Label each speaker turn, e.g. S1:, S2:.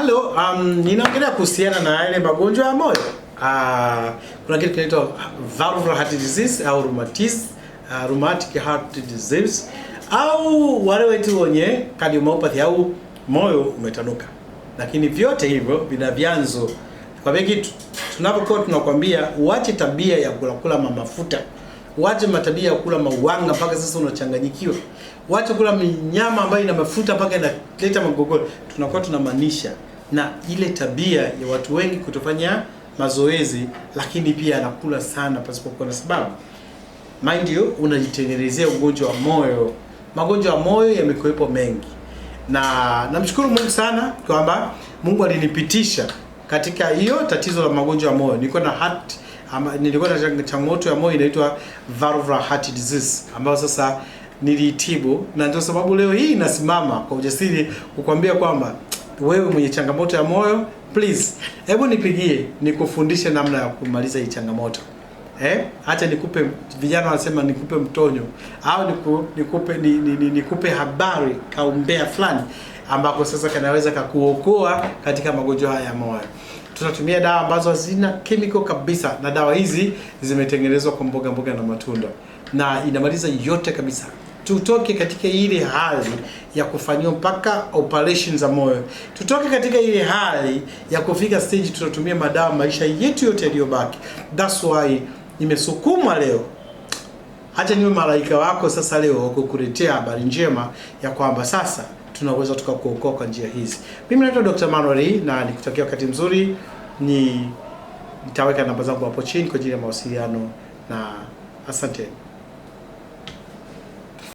S1: Hello, um, ninaongelea kuhusiana na yale magonjwa ya moyo. Uh, kuna kitu kinaitwa valvular heart disease au rheumatism, uh, ah, rheumatic heart disease au wale wetu wenye cardiomyopathy au moyo umetanuka. Lakini vyote hivyo vina vyanzo. Kwa hiyo kitu tunapokuwa tunakwambia uache tabia ya kula kula mafuta. Uache matabia ya kula mauanga mpaka sasa unachanganyikiwa. Uache kula minyama ambayo ina mafuta mpaka inaleta magogoro. Tunakuwa tunamaanisha na ile tabia ya watu wengi kutofanya mazoezi, lakini pia anakula sana pasipokuwa na sababu. Mind you, unajitengenezea ugonjwa wa moyo. Magonjwa ya moyo yamekuwepo mengi, na namshukuru Mungu sana kwamba Mungu alinipitisha katika hiyo tatizo la magonjwa ya moyo. Niko na heart ama, nilikuwa na changamoto ya moyo inaitwa valvular heart disease ambayo sasa nilitibu, na ndio sababu leo hii nasimama kwa ujasiri kukwambia kwamba wewe mwenye changamoto ya moyo, please hebu nipigie nikufundishe namna ya kumaliza hii changamoto. Eh, acha nikupe, vijana wanasema nikupe mtonyo au niku, nikupe ni, ni, ni, nikupe habari kaumbea fulani ambako sasa kanaweza kakuokoa katika magonjwa haya ya moyo. Tunatumia dawa ambazo hazina chemical kabisa, na dawa hizi zimetengenezwa kwa mboga mboga na matunda, na inamaliza yote kabisa tutoke katika ile hali ya kufanyiwa mpaka operation za moyo, tutoke katika ile hali ya kufika stage tunatumia madawa maisha yetu yote yaliyobaki. That's why nimesukumwa leo, hata niwe malaika wako sasa leo kukuletea habari njema ya kwamba sasa tunaweza tukakuokoa kwa njia hizi. Mimi naitwa Dr. Manuel na nikutakia wakati mzuri, ni nitaweka namba zangu hapo chini kwa ajili ya mawasiliano na asante.